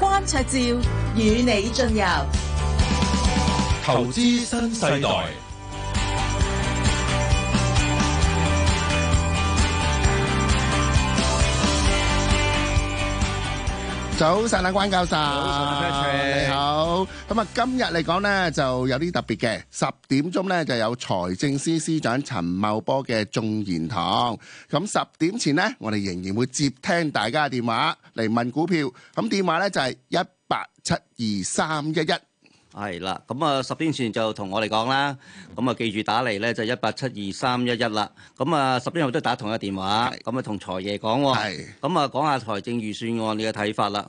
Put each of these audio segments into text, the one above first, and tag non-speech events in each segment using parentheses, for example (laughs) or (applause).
關焯照與你進入，投資新世代。早晨啊，關教授。早上咁啊，今日嚟講呢，就有啲特別嘅，十點鐘呢，就有財政司司長陳茂波嘅眾言堂。咁十點前呢，我哋仍然會接聽大家嘅電話嚟問股票。咁電話呢，就係一八七二三一一。係啦，咁啊十點前就同我哋講啦。咁啊，記住打嚟呢，就一八七二三一一啦。咁啊，十點後都打同一個電話，咁啊同財爺講。係。咁啊是，講下財政預算案你嘅睇法啦。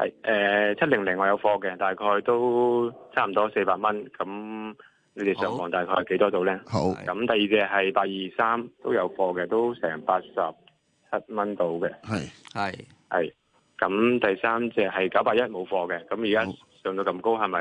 係誒，七零零我有貨嘅，大概都差唔多四百蚊。咁你哋上行大概係幾多度咧？好。咁第二隻係八二三都有貨嘅，都成八十七蚊到嘅。係係係。咁是第三隻係九百一冇貨嘅。咁而家上到咁高，係咪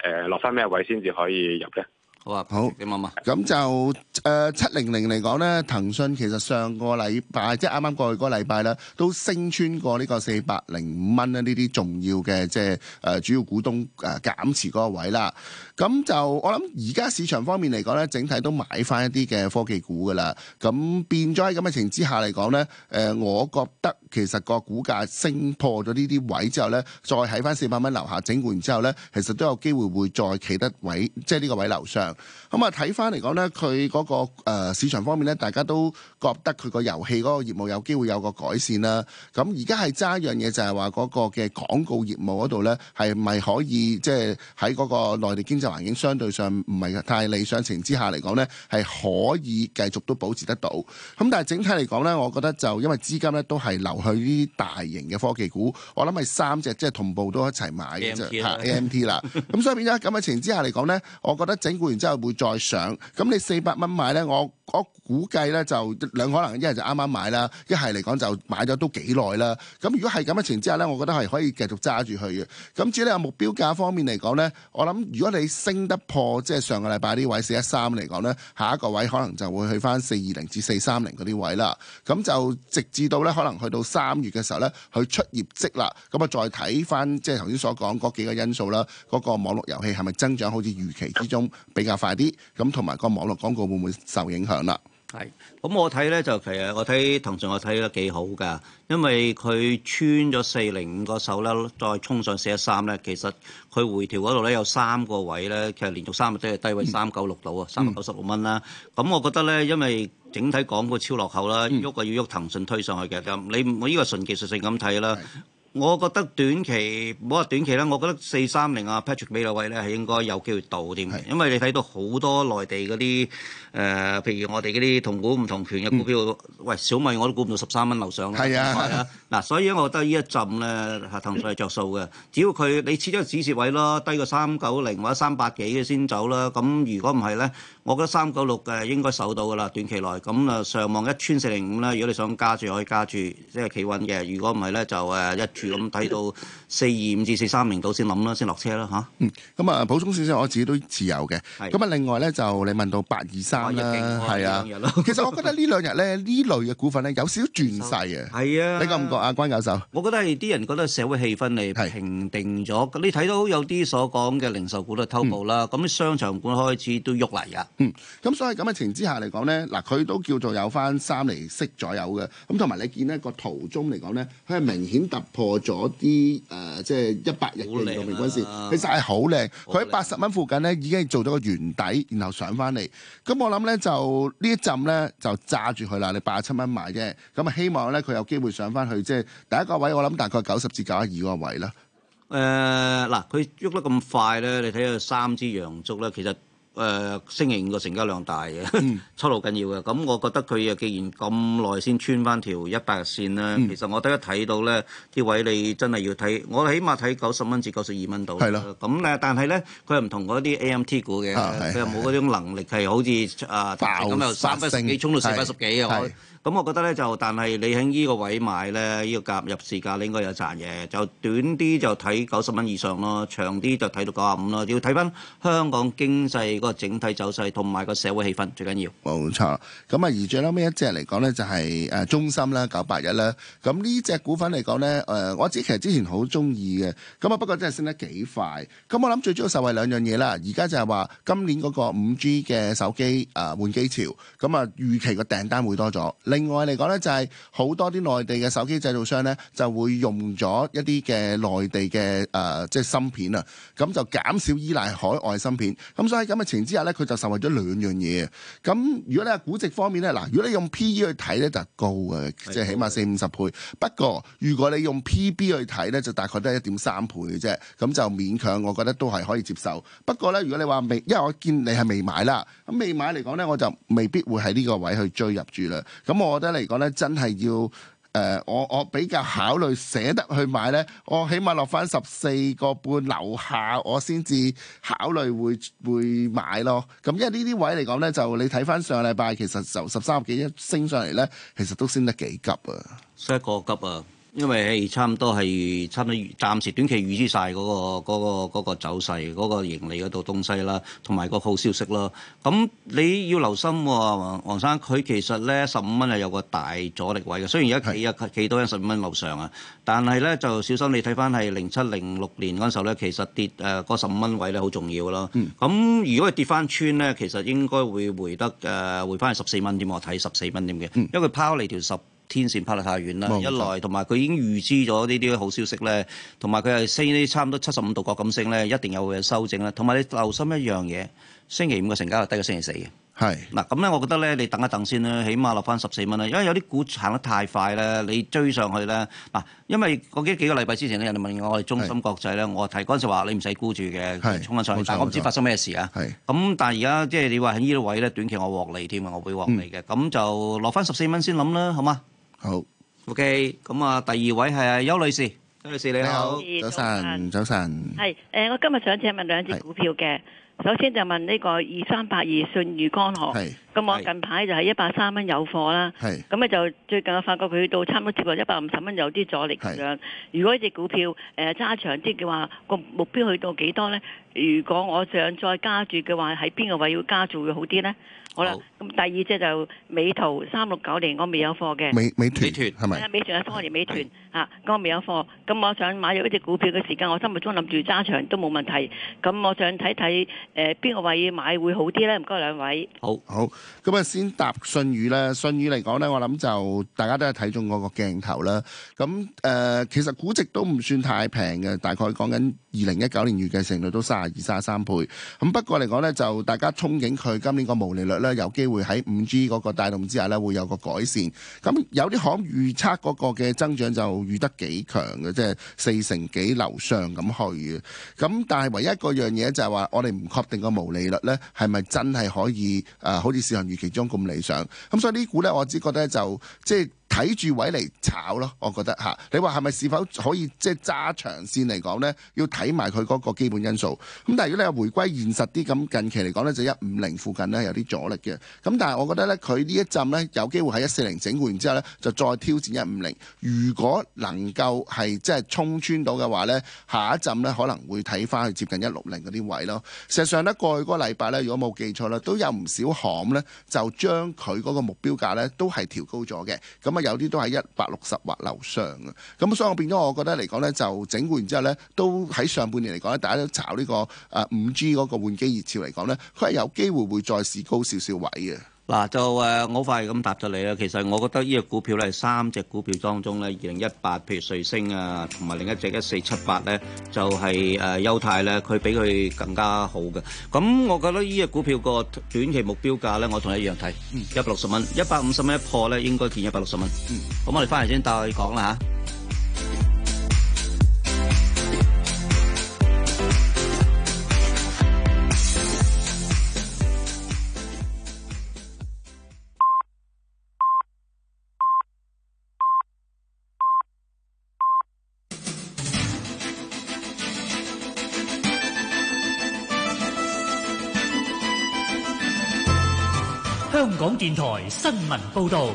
誒落翻咩位先至可以入咧？好啊，好，你問嘛？咁就誒七零零嚟講咧，騰訊其實上個禮拜，即係啱啱過去嗰個禮拜啦，都升穿過呢個四百零五蚊咧，呢啲重要嘅即係誒主要股東誒減持嗰個位啦。咁就我諗而家市場方面嚟講咧，整體都買翻一啲嘅科技股噶啦。咁變咗喺咁嘅情形之下嚟講咧，誒我覺得其實個股價升破咗呢啲位之後咧,再喺翻四百蚊樓下整固完之後咧，其實都有機會會再企得位，即係呢個位樓上。咁啊，睇翻嚟講呢，佢嗰、嗰個、呃、市場方面呢，大家都覺得佢個遊戲嗰個業務有機會有個改善啦。咁而家係揸一樣嘢，就係話嗰個嘅廣告業務嗰度呢，係咪可以即係喺嗰個內地經濟環境相對上唔係太理想情之下嚟講呢，係可以繼續都保持得到。咁但係整體嚟講呢，我覺得就因為資金呢，都係流向啲大型嘅科技股，我諗係三隻即係同步都一齊買嘅啫，嚇 A M T 啦、啊。咁 (laughs) 所以變咗咁嘅情之下嚟講呢，我覺得整固之後會再上，咁你四百蚊買咧，我。我估計咧就兩可能一剛剛，一係就啱啱買啦，一係嚟講就買咗都幾耐啦。咁如果係咁嘅情況之下呢，我覺得係可以繼續揸住去嘅。咁至於咧目標價方面嚟講呢，我諗如果你升得破即係、就是、上個禮拜啲位四一三嚟講呢，下一個位可能就會去翻四二零至四三零嗰啲位啦。咁就直至到呢，可能去到三月嘅時候呢，佢出業績啦，咁啊再睇翻即係頭先所講嗰幾個因素啦，嗰、那個網絡遊戲係咪增長好似預期之中比較快啲？咁同埋個網絡廣告會唔會受影響？啦，係，咁我睇咧就其實我睇騰訊，我睇得幾好㗎，因為佢穿咗四零五個手啦，再衝上四一三咧，其實佢回調嗰度咧有三個位咧，其實連續三日都係低位三九六度啊，三百九十六蚊啦，咁、嗯、我覺得咧，因為整體港股超落後啦，喐啊要喐騰訊推上去嘅咁，嗯、你我呢個純技術性咁睇啦。我覺得短期唔好話短期啦，我覺得四三零啊 Patrick 俾落位咧係應該有機會到添，是的 因為你睇到好多內地嗰啲誒，譬如我哋嗰啲同股唔同權嘅股票，嗯、喂小米我都估唔到十三蚊樓上啦，係啊嗱，所以我覺得呢一陣咧係 (laughs) 騰訊係着數嘅，只要佢你設咗止蝕位咯，低過三九零或者三百幾嘅先走啦。咁如果唔係咧，我覺得三九六嘅應該守到噶啦，短期內咁啊上望一穿四零五咧，如果你想加住可以加住，即係企穩嘅。如果唔係咧就誒一住咁睇到四二五至四三零度先諗啦，先落車啦嚇。嗯，咁啊，普通先生我自己都持有嘅。係。咁啊，另外咧就你問到八二三啦，係啊，其實我覺得呢兩日咧呢類嘅股份咧有少少轉勢嘅。係啊，你覺唔覺啊，關教授？我覺得係啲人覺得社會氣氛係平定咗。你睇到有啲所講嘅零售股都偷步啦，咁商場股開始都喐嚟啊。嗯。咁所以咁嘅情形之下嚟講咧，嗱佢都叫做有翻三釐息左右嘅。咁同埋你見咧個圖中嚟講咧，佢係明顯突破。過咗啲誒，即係一百日嘅平均線，啊、其實係好靚。佢喺八十蚊附近咧，已經做咗個圓底，然後上翻嚟。咁我諗咧，就一陣呢一陣咧就揸住佢啦。你八十七蚊買啫，咁啊希望咧佢有機會上翻去，即係第一個位。我諗大概九十至九十二嗰個位啦。誒嗱、呃，佢喐得咁快咧，你睇下三支陽燭咧，其實。誒、呃、星期五個成交量大嘅，出路緊要嘅。咁我覺得佢誒，既然咁耐先穿翻條一百日線啦，嗯、其實我第一睇到咧，啲位你真係要睇，我起碼睇九十蚊至九十二蚊度。係咯的。咁咧、嗯，但係咧，佢又唔同嗰啲 AMT 股嘅，佢又冇嗰種能力係好似誒的、呃、爆咁又三分成幾，衝到四百十幾啊！咁我覺得咧就，但係你喺呢個位買咧，呢個價入市價咧你應該有賺嘢。就短啲就睇九十蚊以上咯，長啲就睇到九十五咯。要睇翻香港經濟個整體走勢同埋個社會氣氛最緊要。冇錯。咁啊，而最後尾一隻嚟講咧就係誒中芯啦，九八一啦。咁呢隻股份嚟講咧，誒我知其實之前好中意嘅。咁啊不過真係升得幾快。咁我諗最主要受惠兩樣嘢啦。而家就係話今年嗰個五 G 嘅手機誒換機潮，咁啊預期個訂單會多咗。另外嚟講呢就係、是、好多啲內地嘅手機製造商呢，就會用咗一啲嘅內地嘅誒、呃，即係芯片啊，咁就減少依賴海外芯片。咁所以喺咁嘅情形之下呢，佢就受惠咗兩樣嘢。咁如果你喺估值方面呢，嗱，如果你用 P/E 去睇呢，就高嘅，即係是起碼四五十倍。的不過如果你用 P/B 去睇呢，就大概都係一點三倍嘅啫。咁就勉強，我覺得都係可以接受。不過呢，如果你話未，因為我見你係未買啦，咁未買嚟講呢，我就未必會喺呢個位去追入住啦。咁我覺得嚟講咧，真係要誒，我我比較考慮捨得去買咧，我起碼落翻十四個半樓下，我先至考慮會會買咯。咁因為呢啲位嚟講咧，就你睇翻上個禮拜，其實就十三個幾一升上嚟咧，其實都升得幾急，急啊，升得個急啊！因為係差唔多係差唔多，暫時短期預支晒嗰個嗰個嗰個走勢，嗰個盈利嗰度東西啦，同埋個好消息啦。咁你要留心喎，黃黃生，佢其實咧十五蚊係有個大阻力位嘅。雖然而家幾啊是幾多喺十五蚊樓上啊，但係咧就小心你睇翻係零七零六年嗰陣時候咧，其實跌誒個十五蚊位咧，好重要咯。咁、嗯、如果係跌翻穿咧，其實應該會回得誒、呃、回翻係十四蚊點，我睇十四蚊點嘅，嗯、因為佢拋嚟條十。天線拍得太遠啦，哦、一來同埋佢已經預知咗呢啲好消息咧，同埋佢係升呢差唔多七十五度角咁升咧，一定有嘅修正啦。同埋你留心一樣嘢，星期五嘅成交係低過星期四嘅。係嗱是，咁咧我覺得咧，你等一等先啦，起碼落翻十四蚊啦。因為有啲股行得太快咧，你追上去咧嗱，因為嗰幾幾個禮拜之前咧，人哋問我，我係中芯國際咧，是我提嗰陣時話你唔使沽住嘅，是去衝緊上去。錯但我唔知發生咩事啊。係咁是，但係而家即係你話喺呢度位咧，短期我獲利添啊，我會獲利嘅。咁、嗯、就落翻十四蚊先諗啦，好嘛？好，OK。咁啊，第二位係阿邱女士，邱女士你好，早晨，早晨。係，誒，我今日想請問兩隻股票嘅。是首先就問呢個二三八二信譽干河，咁是我近排就係一百三蚊有貨啦，咁咧是就最近我發覺佢到差唔多接近一百五十蚊有啲阻力上，是如果呢隻股票誒揸長啲嘅話，個目標去到幾多咧？如果我想再加注嘅話，喺邊個位要加注會好啲咧？好啦，咁第二隻就美團，三六九零，我未有貨嘅。美美團美團係咪？啊？ (noise) 美團三六九零美團。啊，咁我未有貨，咁我想買入一隻股票嘅時間，我心目中諗住揸長都冇問題。咁我想睇睇誒邊個位買會好啲咧？唔該兩位。好，好，咁啊先答舜宇啦。舜宇嚟講咧，我諗就大家都係睇中嗰個鏡頭啦。咁誒，其實估值都唔算太平嘅，大概講緊二零一九年預計成率都三十二、三十三倍。咁不過嚟講咧，就大家憧憬佢今年個毛利率咧，有機會喺五 G 嗰個帶動之下咧，會有個改善。咁有啲可預測嗰個嘅增長就。遇得幾強嘅，即係四成幾樓上咁去，咁但係唯一嗰樣嘢就係話，我哋唔確定個毛利率咧係咪真係可以誒、呃，好似市場預期中咁理想，咁、嗯、所以股呢股咧，我只覺得就即係。睇住位嚟炒咯，我覺得吓、啊，你話係咪是否可以即係揸長線嚟講咧？要睇埋佢嗰個基本因素。咁但係如果你係回歸現實啲，咁近期嚟講咧就一五零附近咧有啲阻力嘅。咁但係我覺得咧，佢呢一陣咧有機會喺一四零整固完之後咧，就再挑戰一五零。如果能夠係即係衝穿到嘅話咧，下一陣咧可能會睇翻去接近一六零嗰啲位咯。事實上咧，過去嗰個禮拜咧，如果冇記錯啦，都有唔少行咧就將佢嗰個目標價咧都係調高咗嘅。咁啊！有啲都係一百六十或樓上啊，咁所以我變咗，我覺得嚟講呢，就整固完之後呢，都喺上半年嚟講呢，大家都炒呢個誒五 G 嗰個換機熱潮嚟講呢，佢係有機會會再試高少少位嘅。嗱就誒，我快咁答咗你啦。其實我覺得呢隻股票咧，三隻股票當中咧，二零一八譬如瑞星啊，同埋另一隻一四七八咧，就係誒優泰咧，佢比佢更加好嘅。咁我覺得呢隻股票個短期目標價咧，我同你一樣睇一百六十蚊，一百五十蚊一破咧，應該見一百六十蚊。嗯，咁我哋翻嚟先，帶講啦嚇。港電台新聞報道，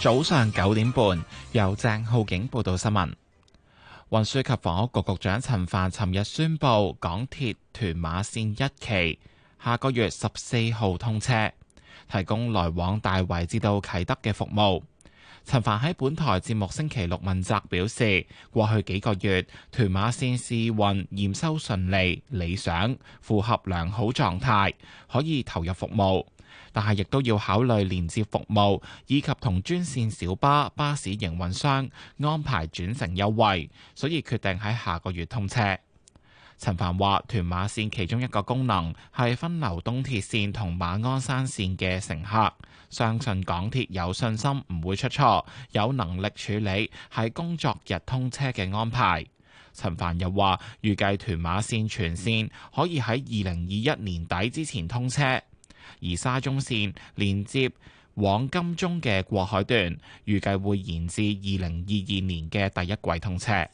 早上九點半由鄭浩景報道新聞。運輸及房屋局局長陳帆尋日宣布，港鐵屯馬綫一期下個月十四號通車，提供來往大圍至到啟德嘅服務。陳帆喺本台節目星期六問責表示，過去幾個月屯馬線試運驗收順利、理想，符合良好狀態，可以投入服務。但係亦都要考慮連接服務，以及同專線小巴巴士營運商安排轉乘優惠，所以決定喺下個月通車。陳帆話：屯馬線其中一個功能係分流東鐵線同馬鞍山線嘅乘客。相信港鐵有信心唔會出錯，有能力處理喺工作日通車嘅安排。陳帆又話，預計屯馬線全線可以喺二零二一年底之前通車，而沙中線連接往金鐘嘅過海段，預計會延至二零二二年嘅第一季通車。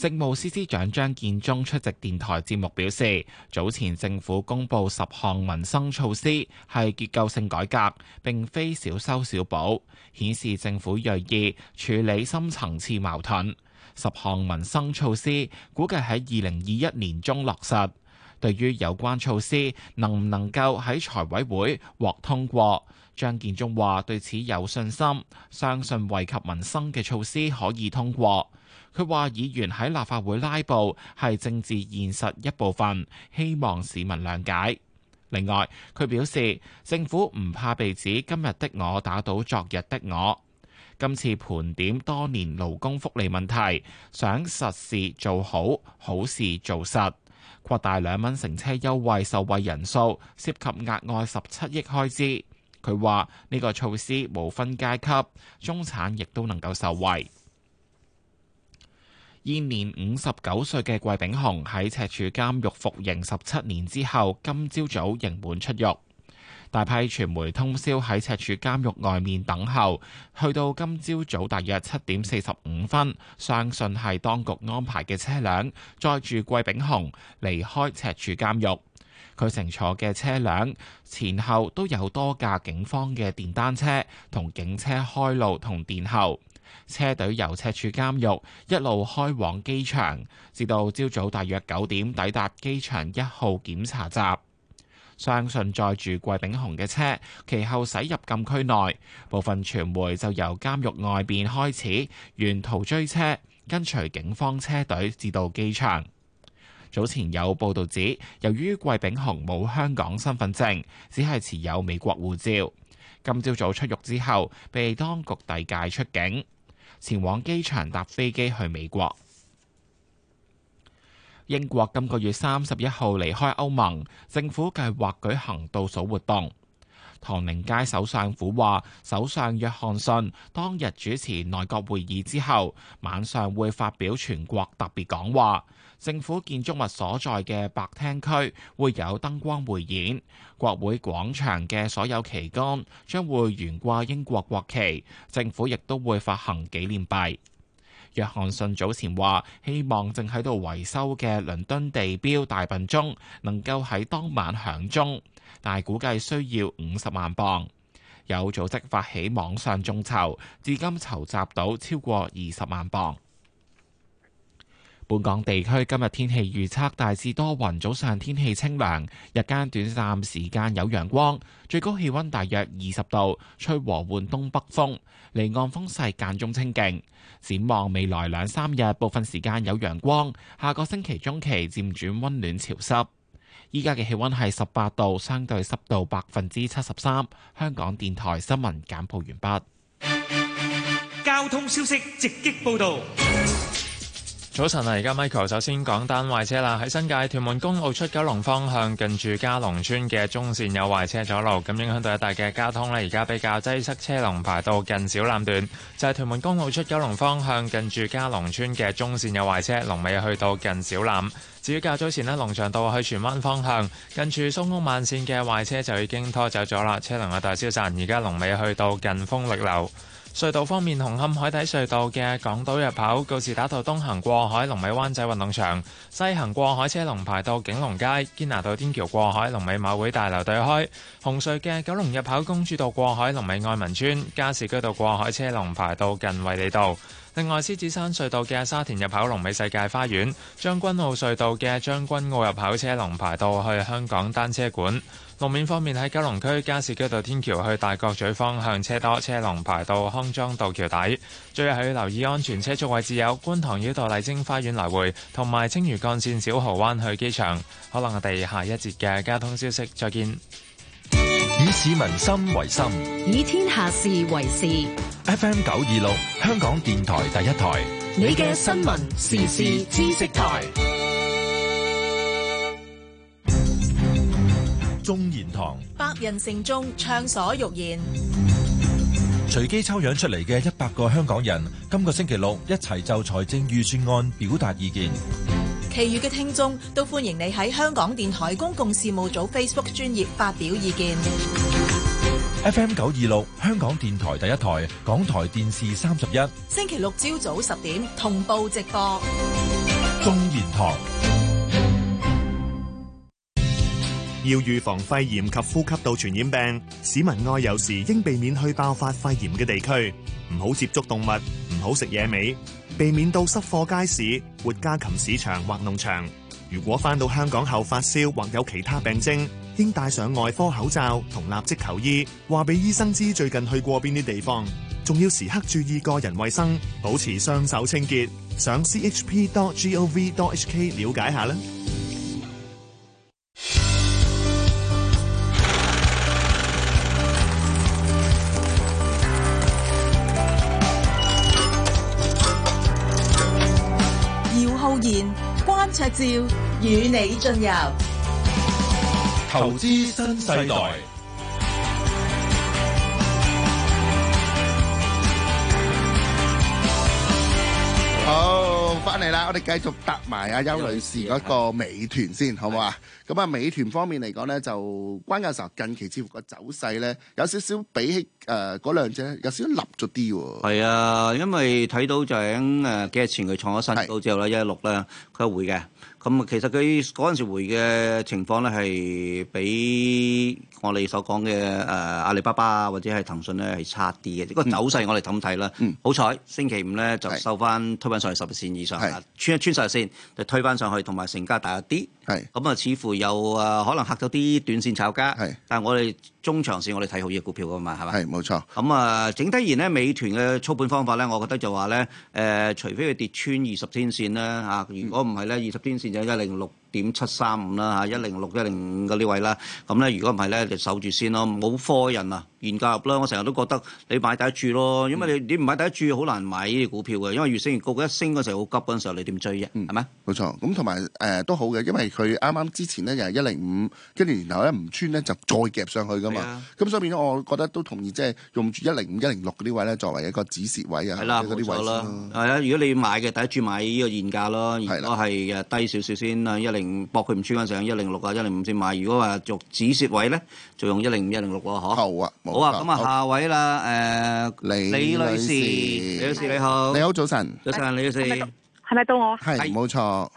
政務司司長張建宗出席電台節目，表示早前政府公布十項民生措施，係結構性改革，并非小修小補，顯示政府銳意處理深層次矛盾。十項民生措施估計喺二零二一年中落實。對於有關措施能唔能夠喺財委會獲通過，張建宗話對此有信心，相信惠及民生嘅措施可以通過。佢話：議員喺立法會拉布係政治現實一部分，希望市民諒解。另外，佢表示政府唔怕被指今日的我打倒昨日的我。今次盤點多年勞工福利問題，想實事做好，好事做實。擴大兩蚊乘車優惠受惠人數，涉及額外十七億開支。佢話呢個措施無分階級，中產亦都能夠受惠。現年五十九歲嘅季炳雄喺赤柱監獄服刑十七年之後，今朝早刑滿出獄。大批傳媒通宵喺赤柱監獄外面等候，去到今朝早，早大約七點四十五分，相信係當局安排嘅車輛載住季炳雄離開赤柱監獄。佢乘坐嘅車輛前後都有多架警方嘅電單車同警車開路同殿後。車隊由赤柱監獄一路開往機場，至到朝早大約九點抵達機場一號檢查站。相信載住季炳雄嘅車，其後駛入禁區內。部分傳媒就由監獄外邊開始，沿途追車，跟隨警方車隊至到機場。早前有報道指，由於季炳雄冇香港身份證，只係持有美國護照，今朝早出獄之後被當局遞解出境。前往機場搭飛機去美國。英國今個月三十一號離開歐盟，政府計劃舉行倒數活動。唐寧街首相府話，首相約翰遜當日主持內閣會議之後，晚上會發表全國特別講話。政府建築物所在嘅白廳區會有燈光匯演，國會廣場嘅所有旗杆將會懸掛英國國旗。政府亦都會發行紀念幣。約翰遜早前話，希望正喺度維修嘅倫敦地標大笨鐘能夠喺當晚響鐘，但係估計需要五十萬鎊。有組織發起網上眾籌，至今籌集到超過二十萬鎊。本港地區今日天氣預測，大致多雲，早上天氣清涼，日間短暫時間有陽光，最高氣温大約二十度，吹和緩東北風，離岸風勢間中清勁。展望未來兩三日，部分時間有陽光，下個星期中期漸轉温暖潮濕。依家嘅氣温係十八度，相對濕度百分之七十三。香港電台新聞簡報完畢。交通消息直擊報道。早晨啊！而家 Michael 首先講單壞車啦，喺新界屯門公路出九龍方向近住嘉龍村嘅中線有壞車阻路，咁影響到一帶嘅交通呢，而家比較擠塞車龍，車龍排到近小欖段，就係屯門公路出九龍方向近住嘉龍村嘅中線有壞車，龍尾去到近小欖。至於較早前呢龍翔道去荃灣方向近住蘇屋慢線嘅壞車就已經拖走咗啦，車龍嘅大消散，而家龍尾去到近豐力樓。隧道方面，紅磡海底隧道嘅港島入口告士打道東行過海，龍尾灣仔運動場；西行過海車龍排到景隆街、堅拿道天橋過海，龍尾馬會大樓對開。紅隧嘅九龍入口公主道過海，龍尾愛民村；加士居道過海車龍排到近衛理道。另外，獅子山隧道嘅沙田入口龍尾世界花園，將軍澳隧道嘅將軍澳入口車龍排到去香港單車館。路面方面，喺九龍區加士居道天橋去大角咀方向，車多車龍排到康莊道橋底。最後要留意安全車速位置，有觀塘繞道麗晶花園來回同埋青嶼幹線小蠔灣去機場。可能我哋下一節嘅交通消息，再見。以市民心為心，以天下事為事。FM 九二六，香港電台第一台。你嘅新聞、時事、知識台。眾言堂，百人城中，暢所欲言。隨機抽樣出嚟嘅一百個香港人，今個星期六一齊就財政預算案表達意見。其餘嘅聽眾都歡迎你喺香港電台公共事務組 Facebook 專頁發表意見。FM 九二六，香港電台第一台，港台電視三十一，星期六朝早十點同步直播。中言堂，要預防肺炎及呼吸道傳染病，市民外遊時應避免去爆發肺炎嘅地區，唔好接觸動物，唔好食野味。避免到濕貨街市、活家禽市場或農場。如果翻到香港後發燒或有其他病症，應戴上外科口罩同立即求醫，話俾醫生知最近去過邊啲地方。仲要時刻注意個人衛生，保持雙手清潔。上 chp.gov.hk 了解下啦。焯照與你盡遊，投資新世代。翻嚟啦，我哋繼續搭埋阿邱女士嗰個美團先，的好唔好啊？咁啊的，美團方面嚟講咧，就關鍵嘅時候，近期似乎個走勢咧有少少比起嗰兩隻有少少立咗啲喎。係啊，因為睇到就喺誒幾日前佢創咗新高之後咧，一六咧佢會嘅。16, 咁其實佢嗰陣時回嘅情況咧，係比我哋所講嘅誒阿里巴巴或者係騰訊咧係差啲嘅。個走勢我哋點睇咧？好彩、嗯、星期五咧就收翻推翻上去十日線以上，是穿一穿十日線就推翻上去，同埋成交大一啲。咁啊是，就似乎又誒可能嚇到啲短線炒家。是但係我哋。中長線我哋睇好依隻股票噶嘛，係嘛？係冇錯。咁啊，整體而言呢，美團嘅操盤方法呢，我覺得就話咧、呃，除非佢跌穿二十天線咧、嗯、如果唔係咧，二十天線就一零六點七三五啦吓，一零六一零五嘅呢位啦，咁咧如果唔係咧就守住先咯，唔好科人啊現價入啦，我成日都覺得你買第一注咯，因為你你唔買第一注好難買呢啲股票嘅，因為越升越高，一升嗰時候好急嗰時候，時候你點追啫，係咪，嗯？冇錯，咁同埋誒都好嘅，因為佢啱啱之前咧又係一零五，跟住然後咧唔穿咧就再夾上去噶嘛，咁所以變咗我覺得都同意即係用住一零五一零六嗰啲位咧作為一個止蝕位啊，嗰啲位啦先咯，啊，係啦，啊，如果你要買嘅第一注買呢個現價咯，如果係低少少先啊一博佢唔穿翻上一零六啊，一零五先買。如果話逐止蝕位咧，就用一零五一零六咯，嗬。好啊，好啊。咁啊，下位啦，誒，李李女士，李女士你好，你好早晨，早晨李女士，係咪到我？係，冇錯。哦，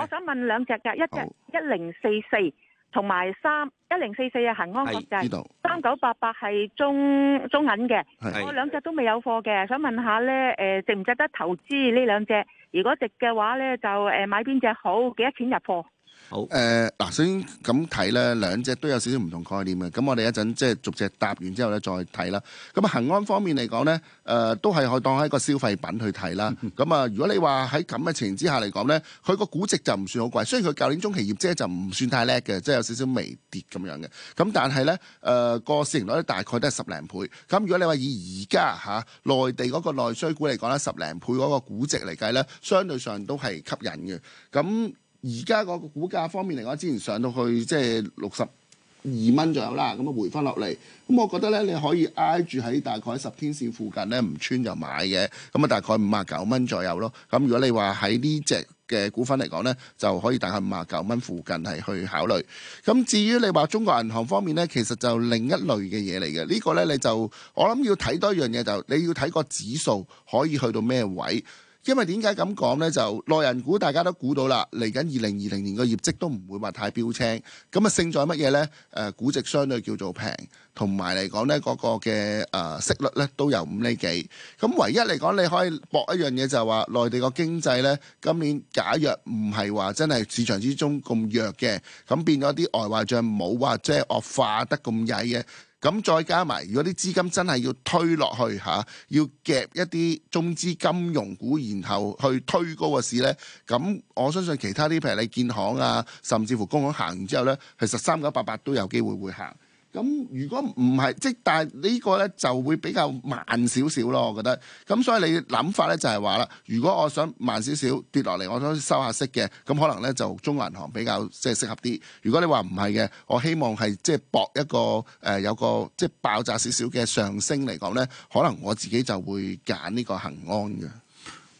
我想問兩隻㗎，一隻一零四四。同埋三一零四四啊，恒安國際，三九八八係中中銀嘅，是我兩隻都未有貨嘅，想問下呢誒值唔值得投資呢兩隻？如果值嘅話呢，就誒買邊隻好，幾多錢入貨？好，誒嗱、呃，首先咁睇咧，兩隻都有少少唔同概念嘅，咁我哋一陣即係逐隻答完之後咧再睇啦。咁啊，恆安方面嚟講咧，誒、呃、都係可以當係一個消費品去睇啦。咁啊、嗯哼，如果你話喺咁嘅情形之下嚟講咧，佢個估值就唔算好貴。雖然佢舊年中期業績就唔算太叻嘅，即、就、係、是、有少少微跌咁樣嘅。咁但係咧，誒、呃、個市盈率大概都係十零倍。咁如果你話以而家吓內地嗰個內需股嚟講咧，十零倍嗰個估值嚟計咧，相對上都係吸引嘅。咁而家個股價方面嚟講，之前上到去即係六十二蚊左右啦，咁啊回翻落嚟。咁我覺得咧，你可以挨住喺大概十天線附近咧，唔穿就買嘅。咁啊，大概五十九蚊左右咯。咁如果你話喺呢隻嘅股份嚟講咧，就可以大概五十九蚊附近係去考慮。咁至於你話中國銀行方面咧，其實就另一類嘅嘢嚟嘅。呢、這個咧你就我諗要睇多一樣嘢，就你要睇個指數可以去到咩位。因為點解咁講呢？就內人股大家都估到啦，嚟緊二零二零年個業績都唔會話太標青，咁啊勝在乜嘢呢？誒估值相對叫做平，同埋嚟講呢嗰個嘅誒息率呢都有五厘幾。咁唯一嚟講你可以搏一樣嘢就係話內地個經濟呢今年假若唔係話真係市場之中咁弱嘅，咁變咗啲外匯帳冇話即係惡化得咁曳嘅。咁再加埋，如果啲資金真係要推落去吓，要夾一啲中資金融股，然後去推高個市呢。咁我相信其他啲譬如你建行啊，甚至乎工行行完之後呢，其實三九八八都有機會會行。咁如果唔係，即但係呢個呢就會比較慢少少咯，我覺得。咁所以你諗法呢就係話啦，如果我想慢少少跌落嚟，我想收下息嘅，咁可能呢就中銀行比較即係適合啲。如果你話唔係嘅，我希望係即係博一個誒、呃、有個即係爆炸少少嘅上升嚟講呢，可能我自己就會揀呢個恒安嘅。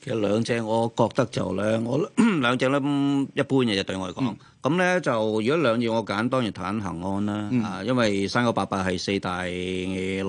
其實兩隻我覺得就兩，我 (coughs) 兩隻呢一般嘅，就對我嚟講。嗯。咁咧就如果兩隻我揀，當然揀恒安啦，啊，因為三九八八係四大內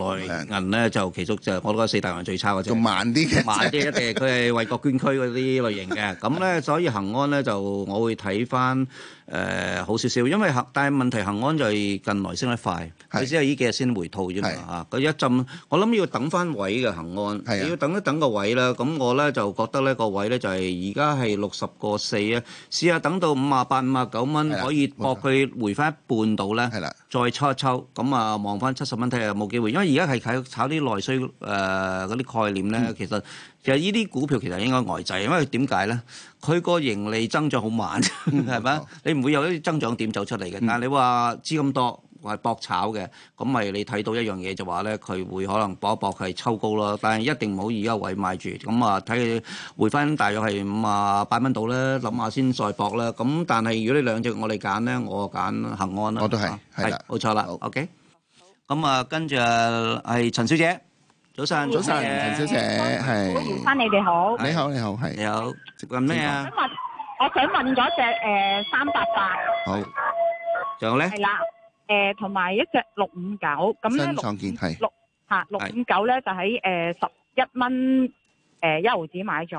銀咧，就其中就我覺得四大銀最差嘅，慢啲嘅，慢啲一啲，佢係為國捐軀嗰啲類型嘅。咁咧，所以恒安咧就我會睇翻誒好少少，因為恒但係問題，恒安就係近來升得快，佢只係依幾日先回吐啫嘛。啊，佢一浸，我諗要等翻位嘅恒安，你要等一等個位啦。咁我咧就覺得咧個位咧就係而家係六十個四啊，試下等到五啊八、五啊九。五蚊可以搏佢回翻一半度咧，係啦，再抽一抽，咁啊望翻七十蚊睇下有冇機會。因為而家係睇炒啲內需誒嗰啲概念咧，其實其實依啲股票其實應該呆滯，因為點解咧？佢個盈利增長好慢，係咪你唔會有啲增長點走出嚟嘅。但係你話知咁多。係搏炒嘅，咁咪你睇到一樣嘢就話咧，佢會可能搏一搏佢係抽高啦，但係一定唔好而家位買住。咁啊，睇佢回翻大約係五啊八蚊度啦，諗下先再搏啦。咁但係如果呢兩隻我哋揀咧，我揀恆安啦。我都係，係冇錯啦。OK。咁啊，跟住係陳小姐，早晨，早晨，陳小姐，係翻你哋好。你好，你好，係你好。問咩啊？我想問咗隻誒三八八。好。仲有咧？係啦。誒，同埋一隻六五九，咁咧六六吓六五九咧就喺誒十一蚊誒一毫紙買咗，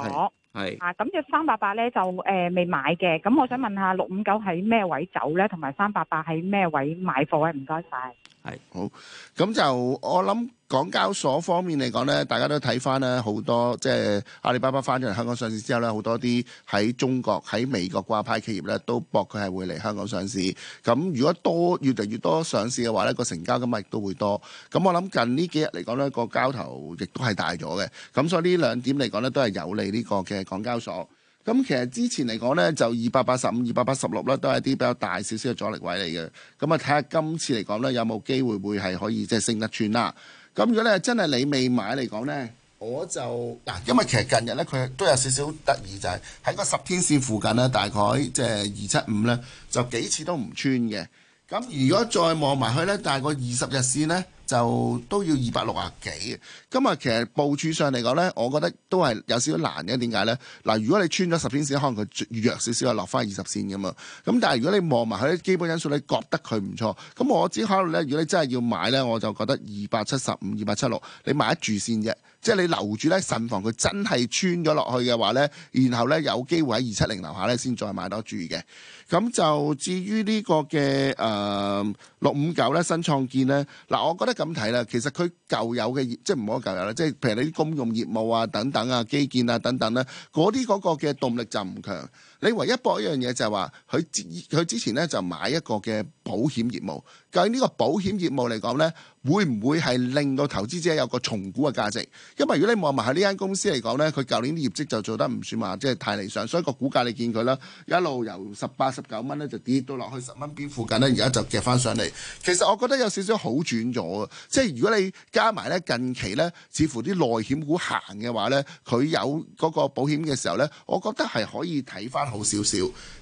係啊，咁隻三八八咧就誒未買嘅。咁我想問下六五九喺咩位走咧？同埋三八八喺咩位買貨咧？唔該晒，係好，咁就我諗。港交所方面嚟講呢，大家都睇翻咧好多，即係阿里巴巴翻咗嚟香港上市之後呢，好多啲喺中國喺美國掛牌企業呢，都博佢係會嚟香港上市。咁如果多越嚟越多上市嘅話呢，個成交金額亦都會多。咁我諗近呢幾日嚟講呢，個交投亦都係大咗嘅。咁所以呢兩點嚟講呢，都係有利呢個嘅港交所。咁其實之前嚟講呢，就二百八十五、二百八十六咧，都係啲比較大少少嘅阻力位嚟嘅。咁啊，睇下今次嚟講呢有冇機會會係可以即係升得穿啦。咁如果咧真係你未買嚟講呢，我就嗱，因為其實近日呢，佢都有少少得意，就係喺個十天線附近呢，大概即係二七五呢，就幾次都唔穿嘅。咁如果再望埋去呢，大概二十日線呢，就都要二百六啊幾。今日其實部署上嚟講咧，我覺得都係有少少難嘅。點解咧？嗱，如果你穿咗十天線，可能佢弱少少，落翻二十線咁嘛。咁但係如果你望埋佢啲基本因素，你覺得佢唔錯。咁我只考慮咧，如果你真係要買咧，我就覺得二百七十五、二百七六，你買得住先啫。即係你留住咧，慎防佢真係穿咗落去嘅話咧，然後咧有機會喺二七零樓下咧，先再買多住嘅。咁就至於呢個嘅誒六五九咧，呃、9, 新創建咧，嗱，我覺得咁睇啦。其實佢舊有嘅即係唔可。即係譬如你啲公用業務啊、等等啊、基建啊等等咧，嗰啲嗰個嘅動力就唔強。你唯一搏一樣嘢就係、是、話，佢佢之前咧就買一個嘅保險業務。究竟呢個保險業務嚟講呢，會唔會係令到投資者有個重估嘅價值？因為如果你望埋喺呢間公司嚟講呢，佢舊年啲業績就做得唔算話即係太理想，所以個股價你見佢啦，一路由十八、十九蚊咧就跌到落去十蚊邊附近呢，而家就夾翻上嚟。其實我覺得有少少好轉咗嘅，即係如果你加埋呢近期呢，似乎啲內險股行嘅話呢，佢有嗰個保險嘅時候呢，我覺得係可以睇翻好少少。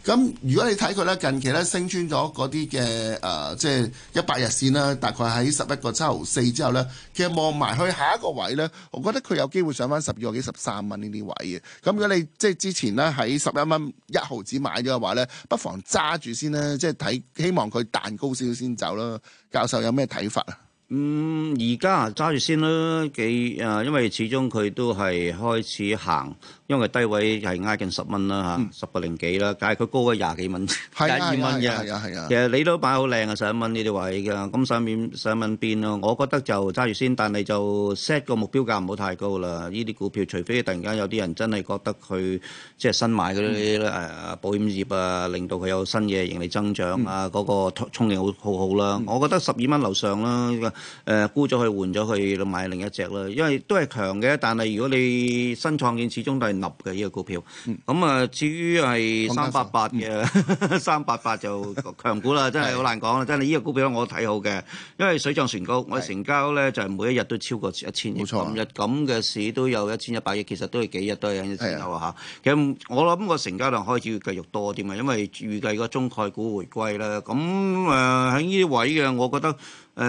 咁如果你睇佢呢近期呢，升穿咗嗰啲嘅誒，即係一百日線啦，大概喺十一個七毫四之後咧，其實望埋去下一個位咧，我覺得佢有機會上翻十二個幾十三蚊呢啲位嘅。咁如果你即係之前咧喺十一蚊一毫紙買咗嘅話咧，不妨揸住先啦，即係睇希望佢彈高少少先走啦。教授有咩睇法啊？嗯，而家揸住先啦，幾誒？因為始終佢都係開始行。因為低位係挨近十蚊啦嚇，十八零幾啦，但係佢高咗廿幾蚊，廿二蚊嘅，其實你都擺好靚啊十一蚊呢啲位嘅，咁十點十一蚊邊咯，我覺得就揸住先，但係就 set 個目標價唔好太高啦。呢啲股票，除非突然間有啲人真係覺得佢即係新買嗰啲誒保險業啊，令到佢有新嘅盈利增長啊，嗰個衝勁好好好啦。我覺得十二蚊樓上啦，誒沽咗佢換咗去買另一隻啦，因為都係強嘅，但係如果你新創建，始終都係。立嘅呢個股票，咁、嗯、啊，嗯、至於係三八八嘅，三八八就強股啦， (laughs) 真係好難講啦，真係呢個股票我睇好嘅，因為水漲船高，是我哋成交咧就每一日都超過一千億，啊、今日咁嘅市都有一千一百億，其實都係幾日都係有成交啊嚇。其實我諗個成交量開始要繼續多啲嘅，因為預計個中概股回歸啦，咁誒喺呢啲位嘅，我覺得。誒，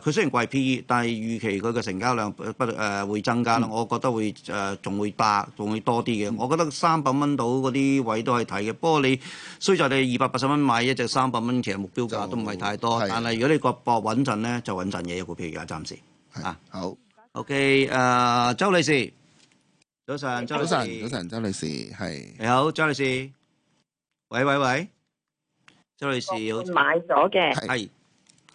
佢雖然貴 PE，但係預期佢嘅成交量不誒會增加啦。我覺得會誒仲會大，仲會多啲嘅。我覺得三百蚊到嗰啲位都係睇嘅。不過你雖在你二百八十蚊買一隻三百蚊，其實目標價都唔係太多。但係如果你個博穩陣咧，就穩陣嘢股票而家暫時啊。好 OK，誒，周女士，早晨，早晨，早晨，周女士，係你好，周女士，喂喂喂，周女士，我買咗嘅，係。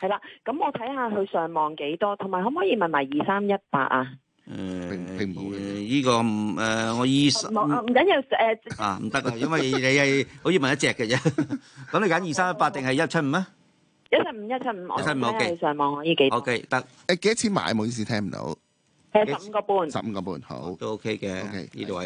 係啦，咁我睇下佢上望幾多，同埋可唔可以問埋二三一八啊？誒，平平冇嘅。呢個唔誒，我二十。唔唔，唔緊要。啊，唔得啊，因為你係可以問一隻嘅啫。咁你揀二三一八定係一七五啊？一七五，一七五，我睇下你上望依幾多。O K，得。誒幾多錢買？冇意思，聽唔到。誒十五個半。十五個半，好都 O K 嘅。O K，呢度。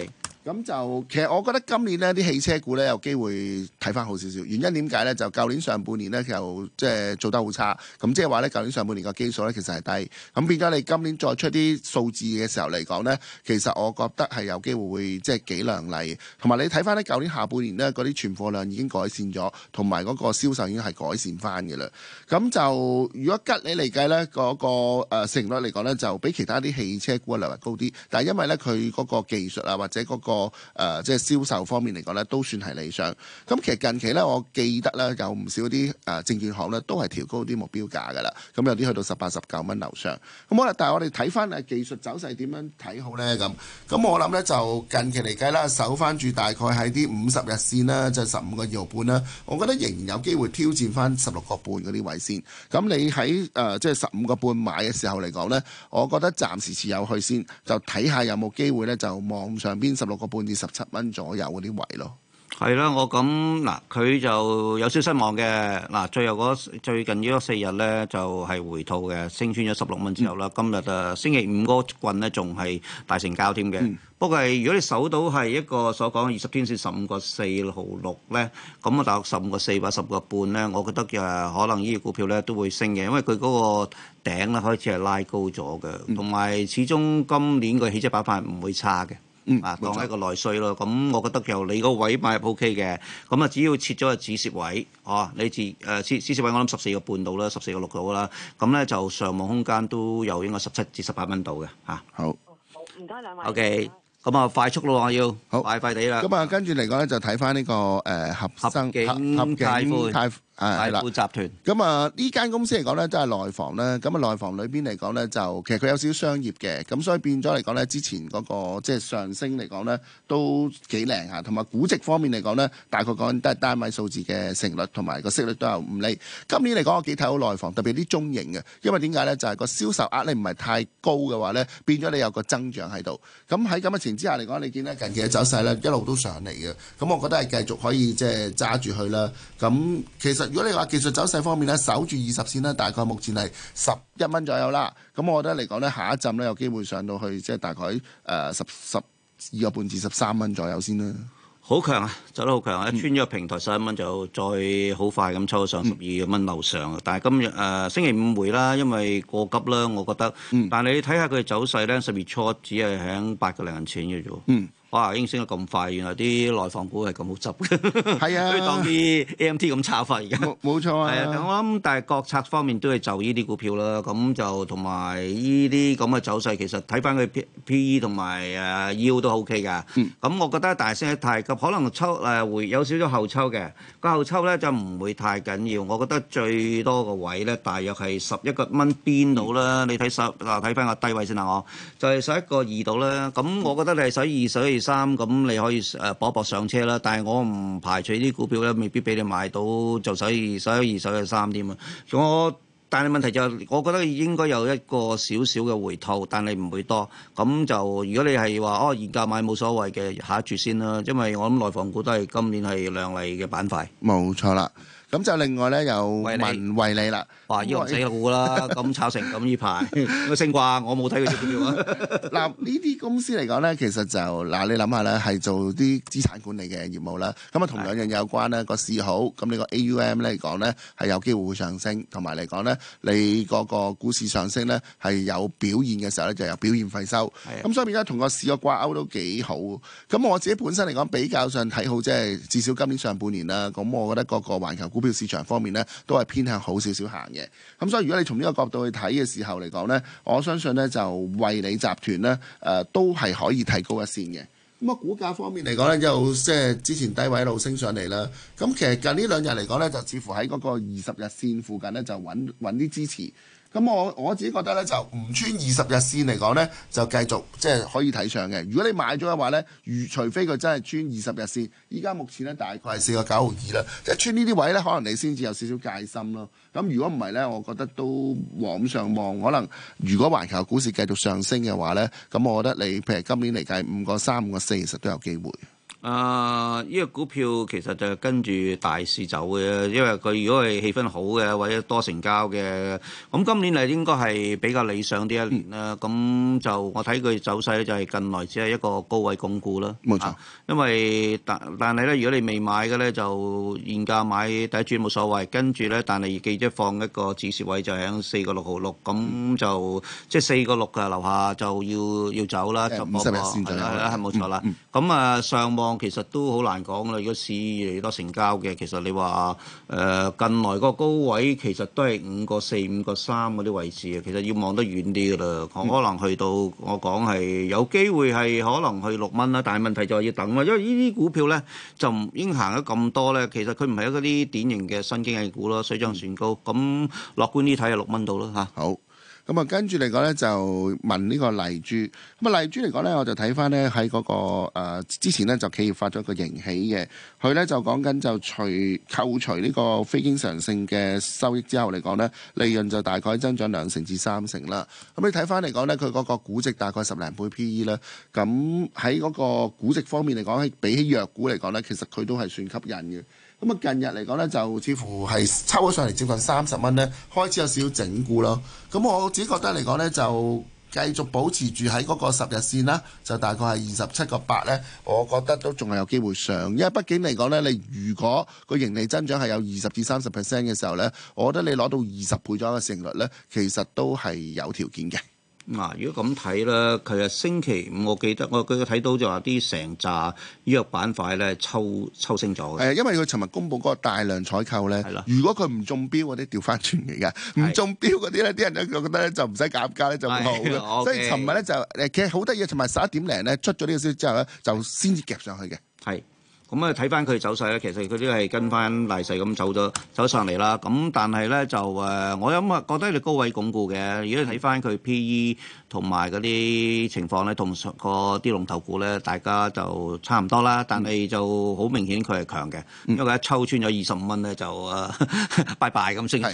咁就其實我覺得今年呢啲汽車股咧有機會睇翻好少少，原因點解咧？就舊年上半年咧就即係做得好差，咁即係話咧舊年上半年個基數咧其實係低，咁變咗你今年再出啲數字嘅時候嚟講咧，其實我覺得係有機會會即係幾亮麗，同埋你睇翻咧舊年下半年咧嗰啲存貨量已經改善咗，同埋嗰個銷售已經係改善翻嘅啦。咁就如果吉利嚟計咧嗰個，誒、呃、成率嚟講咧，就比其他啲汽車股略為高啲，但係因為咧佢嗰個技術啊或者嗰、嗰個個誒、呃、即係銷售方面嚟講呢，都算係理想。咁其實近期呢，我記得呢，有唔少啲誒證券行呢，都係調高啲目標價噶啦。咁有啲去到十八、十九蚊樓上。咁好啦，但係我哋睇翻啊技術走勢點樣睇好呢？咁咁我諗呢，就近期嚟計啦，守翻住大概喺啲五十日線啦，即係十五個二毫半啦。我覺得仍然有機會挑戰翻十六個半嗰啲位先。咁你喺誒即係十五個半買嘅時候嚟講呢，我覺得暫時持有去先，就睇下有冇機會呢，就望上邊十六個。半至十七蚊左右嗰啲位咯，係啦，我咁嗱，佢就有少失望嘅嗱，最後嗰最近呢嗰四日咧就係回吐嘅，升穿咗十六蚊之後啦，嗯、今日啊星期五嗰棍咧仲係大成交添嘅。不過係如果你守到係一個所講二十天線十五個四毫六咧，咁啊，大概十五個四或者十五個半咧，我覺得誒可能呢個股票咧都會升嘅，因為佢嗰個頂咧開始係拉高咗嘅，同埋、嗯、始終今年個汽車板塊唔會差嘅。嗯，啊，當係一個內需咯，咁我覺得由你個位買入 OK 嘅，咁啊只要設咗個止蝕位，哦、啊，你止誒止止蝕位我諗十四個半到啦，十四個六到啦，咁咧就上望空間都有應該十七至十八蚊到嘅，嚇、啊。好，唔該兩位。O K，咁啊快速咯，我要好，快快地啦。咁啊跟住嚟講咧就睇翻呢個誒、呃、合景合景泰富係啦，咁啊呢間公司嚟講咧，都係內房咧。咁啊內房裏邊嚟講咧，就其實佢有少少商業嘅，咁所以變咗嚟講咧，之前嗰個即係上升嚟講咧，都幾靚嚇。同埋估值方面嚟講咧，大概講都係單位數字嘅成率同埋個息率都有五厘。今年嚟講我幾睇好內房，特別啲中型嘅，因為點解咧？就係個銷售額咧唔係太高嘅話咧，變咗你有個增長喺度。咁喺咁嘅前提下嚟講，你見咧近期嘅走勢咧一路都上嚟嘅。咁我覺得係繼續可以即係揸住佢啦。咁其實，如果你話技術走勢方面咧，守住二十線咧，大概目前係十一蚊左右啦。咁我覺得嚟講咧，下一站咧有機會上到去即係、就是、大概誒十十二個半至十三蚊左右先啦。好強啊，走得好強啊！嗯、一穿咗個平台十一蚊就再好快咁抽上十二蚊樓上。嗯、但係今日誒、呃、星期五回啦，因為過急啦，我覺得。嗯、但係你睇下佢嘅走勢咧，十月初只係喺八個零錢嘅啫喎。嗯哇！已經升得咁快，原來啲內房股係咁好執嘅，係啊，可以當啲 AMT 咁炒法而家。冇錯啊！係啊！我諗，但係國策方面都係就依啲股票啦。咁就同埋依啲咁嘅走勢，其實睇翻佢 P、P E 同埋誒 Y 都 OK 㗎。嗯。咁我覺得大升得太急，可能抽誒會有少少後抽嘅。個後抽咧就唔會太緊要。我覺得最多個位咧，大約係十一個蚊邊度啦。你睇十嗱睇翻個低位先啦，我。就係十一個二度啦。咁我覺得你係十二十二。三，咁你可以誒搏一搏上車啦，但係我唔排除啲股票咧，未必俾你買到就使二、首一、二手嘅三添啊！我但係問題就係，我覺得應該有一個少少嘅回吐，但係唔會多。咁就如果你係話哦現價買冇所謂嘅，下一注先啦，因為我諗內房股都係今年係亮麗嘅板塊。冇錯啦。咁就另外咧，又問為你啦，哇！呢個死股啦，咁炒成咁呢排升啩？我冇睇佢點樣。嗱，呢啲公司嚟講咧，其實就嗱，你諗下咧，係做啲資產管理嘅業務啦。咁啊，同兩樣有關啦，個市好，咁你個 AUM 咧嚟講咧，係有機會會上升，同埋嚟講咧，你嗰個股市上升咧係有表現嘅時候咧，就有表現費收。咁所以而家同個市個掛鈎都幾好。咁我自己本身嚟講比較上睇好，即係至少今年上半年啦。咁我覺得個個環球股股票市場方面咧，都係偏向好少少行嘅。咁所以如果你從呢個角度去睇嘅時候嚟講咧，我相信咧就惠理集團咧，誒、呃、都係可以提高一線嘅。咁啊，股價方面嚟講咧，又即係之前低位一路升上嚟啦。咁其實近兩呢兩日嚟講咧，就似乎喺嗰個二十日線附近咧，就揾揾啲支持。咁我我自己覺得咧就唔穿二十日線嚟講咧，就繼續即係可以睇上嘅。如果你買咗嘅話咧，如除非佢真係穿二十日線，依家目前咧大概係四個九毫二啦。即係穿呢啲位咧，可能你先至有少少戒心咯。咁如果唔係咧，我覺得都往上望。可能如果環球股市繼續上升嘅話咧，咁我覺得你譬如今年嚟計五個三、五個四其實都有機會。啊！依，這個股票其實就係跟住大市走嘅，因為佢如果係氣氛好嘅，或者多成交嘅，咁今年係應該係比較理想啲一年啦。咁，嗯，就我睇佢走勢咧，啊，就係，是，近來只係一個高位鞏固啦，啊。冇錯錯、啊，因為但但係咧，如果你未買嘅咧，就現價買第一轉冇所謂。跟住咧，但係記得放一個止蝕位就喺四個六毫六，咁就即係四個六嘅樓下就要要走啦。五十，嗯，日線係啦，係冇錯啦。咁，嗯，啊上望。其實都好難講啦，如果市嚟多成交嘅，其實你話誒、呃、近來個高位其實都係五個四五個三嗰啲位置啊，其實要望得遠啲噶啦，可能去到我講係有機會係可能去六蚊啦，但係問題就係要等啊，因為呢啲股票咧就唔應行得咁多咧，其實佢唔係一啲典型嘅新經濟股咯，水漲船高，咁樂觀啲睇下六蚊到啦吓。啊好咁啊，跟住嚟講呢，就問呢個麗珠。咁啊，麗珠嚟講呢，我就睇翻呢喺嗰個、呃、之前呢，就企業發咗個盈喜嘅，佢呢就講緊就除扣除呢個非經常性嘅收益之後嚟講呢，利潤就大概增長兩成至三成啦。咁你睇翻嚟講呢，佢嗰個估值大概十零倍 P E 啦。咁喺嗰個估值方面嚟講，比起藥股嚟講呢，其實佢都係算吸引嘅。咁啊，近日嚟講咧，就似乎係抽咗上嚟接近三十蚊咧，開始有少少整固咯。咁我自己覺得嚟講咧，就繼續保持住喺嗰個十日線啦，就大概係二十七個八咧，我覺得都仲係有機會上，因為畢竟嚟講咧，你如果個盈利增長係有二十至三十 percent 嘅時候咧，我覺得你攞到二十倍左右嘅勝率咧，其實都係有條件嘅。嗱、啊，如果咁睇咧，其實星期五我記得我佢睇到就話啲成扎醫藥板塊咧抽抽升咗嘅。誒，因為佢尋日公佈嗰個大量採購咧，的如果佢唔中標嗰啲掉翻轉嚟嘅，唔的中標嗰啲咧，啲人咧就覺得咧就唔使減價咧就唔好、okay。所以尋日咧就誒，其實好得意，尋日十一點零咧出咗呢個消息之後咧，就先至夾上去嘅。係。咁啊睇翻佢走勢咧，其實佢都係跟翻大勢咁走咗走上嚟啦。咁但係咧就誒，我諗啊覺得佢高位鞏固嘅。如果你睇翻佢 PE 同埋嗰啲情況咧，同上個啲龍頭股咧，大家就差唔多啦。但係就好明顯佢係強嘅，因為佢一抽穿咗二十五蚊咧就誒拜拜咁升咗。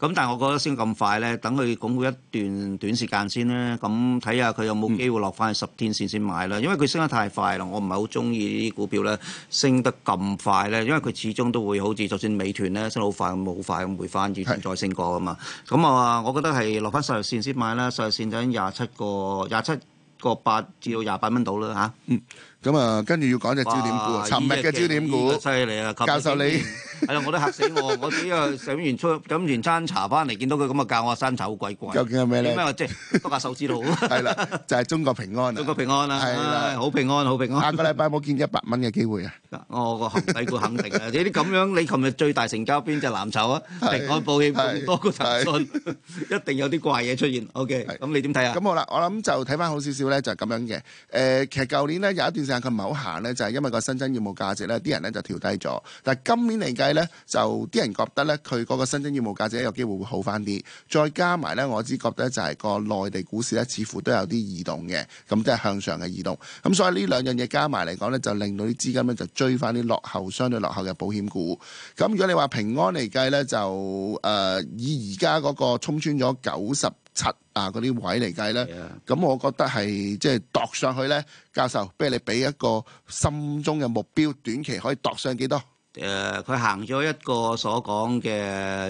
咁但係我覺得升咁快咧，等佢鞏固一段短時間先咧。咁睇下佢有冇機會落翻去十天線先買啦。因為佢升得太快啦，我唔係好中意啲股票咧。升得咁快咧，因為佢始終都會好似就算美團咧升得好快咁，冇好快咁回翻，以前再升過啊嘛。咁啊是、嗯，我覺得係落翻十日線先買啦，十日線就喺廿七個、廿七個八至到廿八蚊度啦吓？嗯，咁啊、嗯，跟住要講隻焦點股啊，尋日嘅焦點股犀利啊，教授你。 (laughs) 係啦，我都嚇死我！我自己啊飲完出飲完餐茶翻嚟，見到佢咁啊教我生籌，鬼怪！究竟係咩咧？點解我即係多架手指都好？係啦，就係中國平安，中國平安啦，係啦，好平安，好平安。下個禮拜有冇見一百蚊嘅機會啊？哦，肯定，呢啲咁樣，你琴日最大成交邊就藍籌啊？平安保險多過騰訊，一定有啲怪嘢出現。OK，咁你點睇啊？咁好啦，我諗就睇翻好少少咧，就係咁樣嘅。誒，其實舊年咧有一段時間佢唔係好行咧，就係因為個新增業務價值咧，啲人咧就調低咗。但係今年嚟計，就啲人覺得呢佢嗰個新增業務價值有機會會好翻啲，再加埋呢，我只覺得就係個內地股市呢，似乎都有啲移動嘅，咁即係向上嘅移動。咁所以呢兩樣嘢加埋嚟講呢，就令到啲資金呢，就追翻啲落後、相對落後嘅保險股。咁如果你話平安嚟計呢，就誒、呃、以而家嗰個衝穿咗九十七啊嗰啲位嚟計呢，咁 Yeah. 我覺得係即係度上去呢。教授，不如你俾一個心中嘅目標，短期可以度上幾多？誒，佢行咗一個所講嘅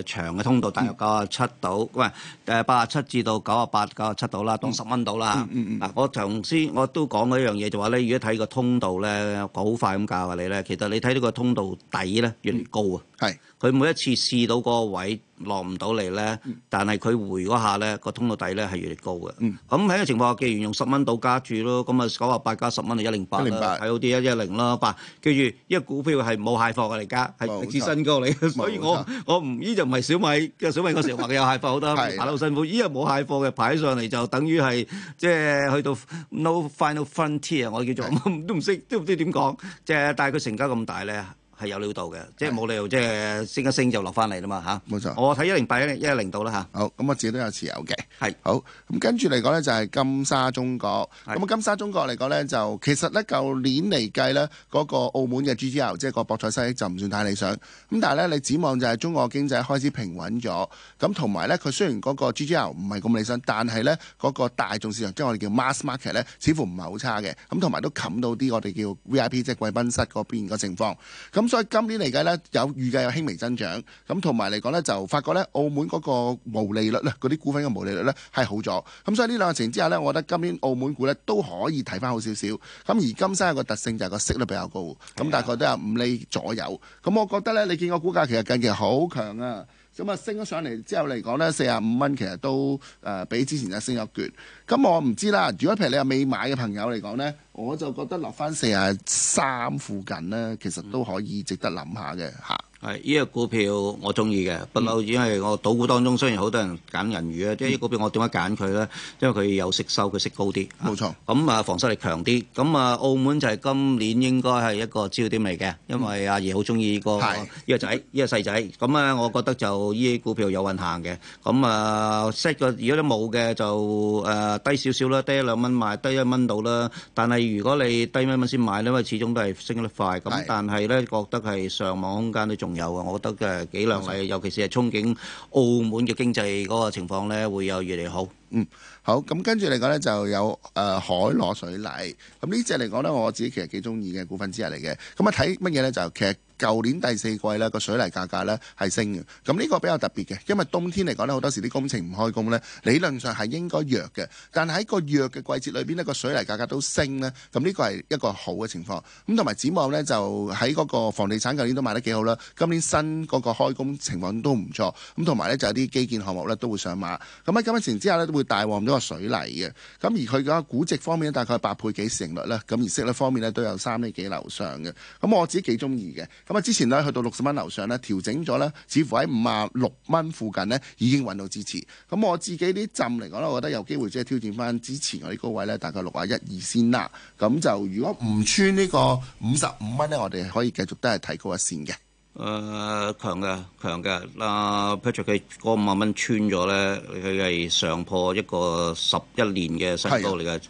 長嘅通道，大約九啊七度，唔係八啊七至到九啊八、九啊七度啦，當十蚊到啦。嗱、嗯嗯嗯，我頭先我都講嗰樣嘢就話咧，如果睇個通道咧，我好快咁教下你咧，其實你睇到個通道底咧越嚟越高啊，係、嗯。佢每一次試到個位落唔到嚟咧，但係佢回嗰下咧，個通道底咧係越嚟越高嘅。咁喺個情況下，既然用十蚊到加住咯，咁啊九十八加十蚊就一零八啦，係好啲一一零啦，八。跟住依個股票係冇蟹貨嘅，而家係歷史新高嚟，所以我我唔依就唔係小米嘅，小米嗰時話佢有蟹貨好多，排得好辛苦，依家係冇蟹貨嘅，排起上嚟就等於係即係去到 No Final Frontier 啊！我叫做都唔識都唔知點講，即係但係佢成交咁大咧。係有料到嘅，即係冇理由，即係升一升就落翻嚟啦嘛嚇。冇錯，我睇一零八一一零度啦嚇。好，咁我自己都有持有嘅。係好，咁跟住嚟講咧就係金沙中國。咁啊金沙中國嚟講咧就其實咧舊年嚟計咧嗰個澳門嘅 GGR 即係個博彩收益就唔算太理想。咁但係咧你指望就係中國經濟開始平穩咗，咁同埋咧佢雖然嗰個 GGR 唔係咁理想，但係咧嗰個大眾市場即係我哋叫 mass market 咧，似乎唔係好差嘅。咁同埋都冚到啲我哋叫 VIP 即係貴賓室嗰邊個情況。咁所以今年嚟計呢，有預計有輕微增長，咁同埋嚟講呢，就發覺呢，澳門嗰個毛利率嗰啲股份嘅毛利率呢，係好咗，咁所以呢兩個情形之下呢，我覺得今年澳門股呢，都可以睇翻好少少。咁而金沙個特性就係個息率比較高，咁的大概都有五厘左右。咁我覺得呢，你見個股價其實近期好強啊。咁啊，升咗上嚟之後嚟講呢，四廿五蚊其實都誒、呃、比之前一升一橛。咁我唔知啦，如果譬如你未買嘅朋友嚟講呢，我就覺得落翻四廿三附近呢，其實都可以值得諗下嘅嚇。係，依個股票我中意嘅，不嬲。因為我賭股當中，雖然好多人揀人魚啊，即係依個股票我點解揀佢咧？因為佢有息收，佢息高啲。冇錯。咁啊，防守力強啲。咁啊，澳門就係今年應該係一個焦點嚟嘅，因為阿爺好中意個依個仔，依個細仔。咁啊，我覺得就依啲股票有運行嘅。咁啊，息個如果都冇嘅，就誒低少少啦，低一兩蚊賣，低一蚊到啦。但係如果你低蚊蚊先買，因為始終都係升得快。咁但係咧，覺得係上網空間都仲。有啊，我覺得嘅幾良位，尤其是係憧憬澳門嘅經濟嗰個情況咧，會有越嚟越好。嗯，好，咁跟住嚟講咧，就有誒、呃、海螺水泥，咁呢隻嚟講咧，我自己其實幾中意嘅股份之一嚟嘅。咁啊，睇乜嘢咧，就其實。舊年第四季咧個水泥價格咧係升嘅，咁呢個比較特別嘅，因為冬天嚟講咧好多時啲工程唔開工咧，理論上係應該弱嘅，但係喺個弱嘅季節裏邊呢，個水泥價格都升咧，咁呢個係一個好嘅情況。咁同埋展望咧就喺嗰個房地產舊年都賣得幾好啦，今年新嗰個開工情況都唔錯，咁同埋咧就有啲基建項目咧都會上馬，咁喺咁嘅情況之下咧都會帶旺咗個水泥嘅。咁而佢嘅估值方面咧大概八倍幾市盈率啦，咁而息率方面咧都有三釐幾樓上嘅，咁我自己幾中意嘅。咁啊！之前咧去到六十蚊樓上咧調整咗咧，似乎喺五啊六蚊附近咧已經揾到支持。咁我自己啲浸嚟講咧，我覺得有機會即係挑戰翻之前嗰啲高位咧，大概六啊一二先啦。咁就如果唔穿呢個五十五蚊咧，我哋可以繼續都係提高一線嘅。誒、呃，強嘅，強嘅嗱、呃、Patrick，佢嗰五萬蚊穿咗咧，佢係上破一個十一年嘅新高嚟嘅。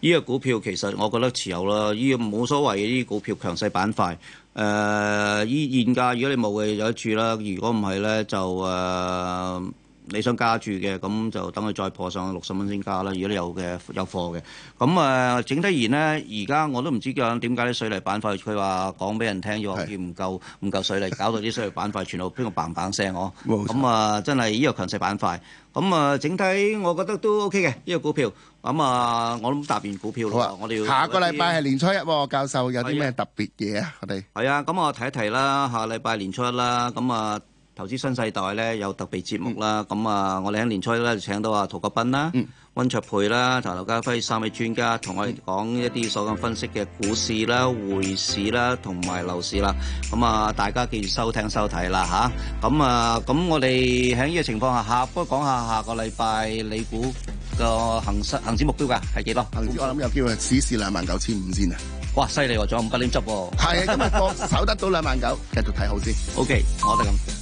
呢個股票其實我覺得持有啦，呢個冇所謂嘅呢啲股票強勢板塊。誒依、呃、現價，如果你冇嘅有一住啦；如果唔係咧，就誒、呃、你想加住嘅，咁就等佢再破上六十蚊先加啦。如果你有嘅有貨嘅，咁、嗯、啊、呃、整體而言，而家我都唔知點解啲水泥板塊，佢話講俾人聽，要唔夠唔夠水泥，搞到啲水泥板塊全部砰砰聲哦。咁 (laughs) 啊，沒錯 嗯呃、真係呢個強勢板塊。咁、嗯、啊、呃，整體我覺得都 OK 嘅，呢、這個股票。咁啊，我諗答完股票好啊。我哋要下個禮拜係年初一，教授有啲咩特別嘢啊？我哋們係啊，咁我提一提啦，下禮拜年初一啦，咁啊，投資新世代咧有特別節目啦，咁啊、嗯，我哋喺年初一咧就請到啊，陶國斌啦。溫卓培啦，同劉家輝三位專家同我哋講一啲所講分析嘅股市啦、匯市啦，同埋樓市啦。咁啊，大家記住收聽收睇啦嚇。咁啊，咁我哋喺呢個情況下，下，不如講下下個禮拜你估個行勢、恒指目標㗎，係幾多？恒指我諗有機會係指市兩萬九千五先啊！哇，犀利喎，仲有五百點執喎。係啊，今日多守得到兩萬九，繼續睇好先。O K，我哋咁。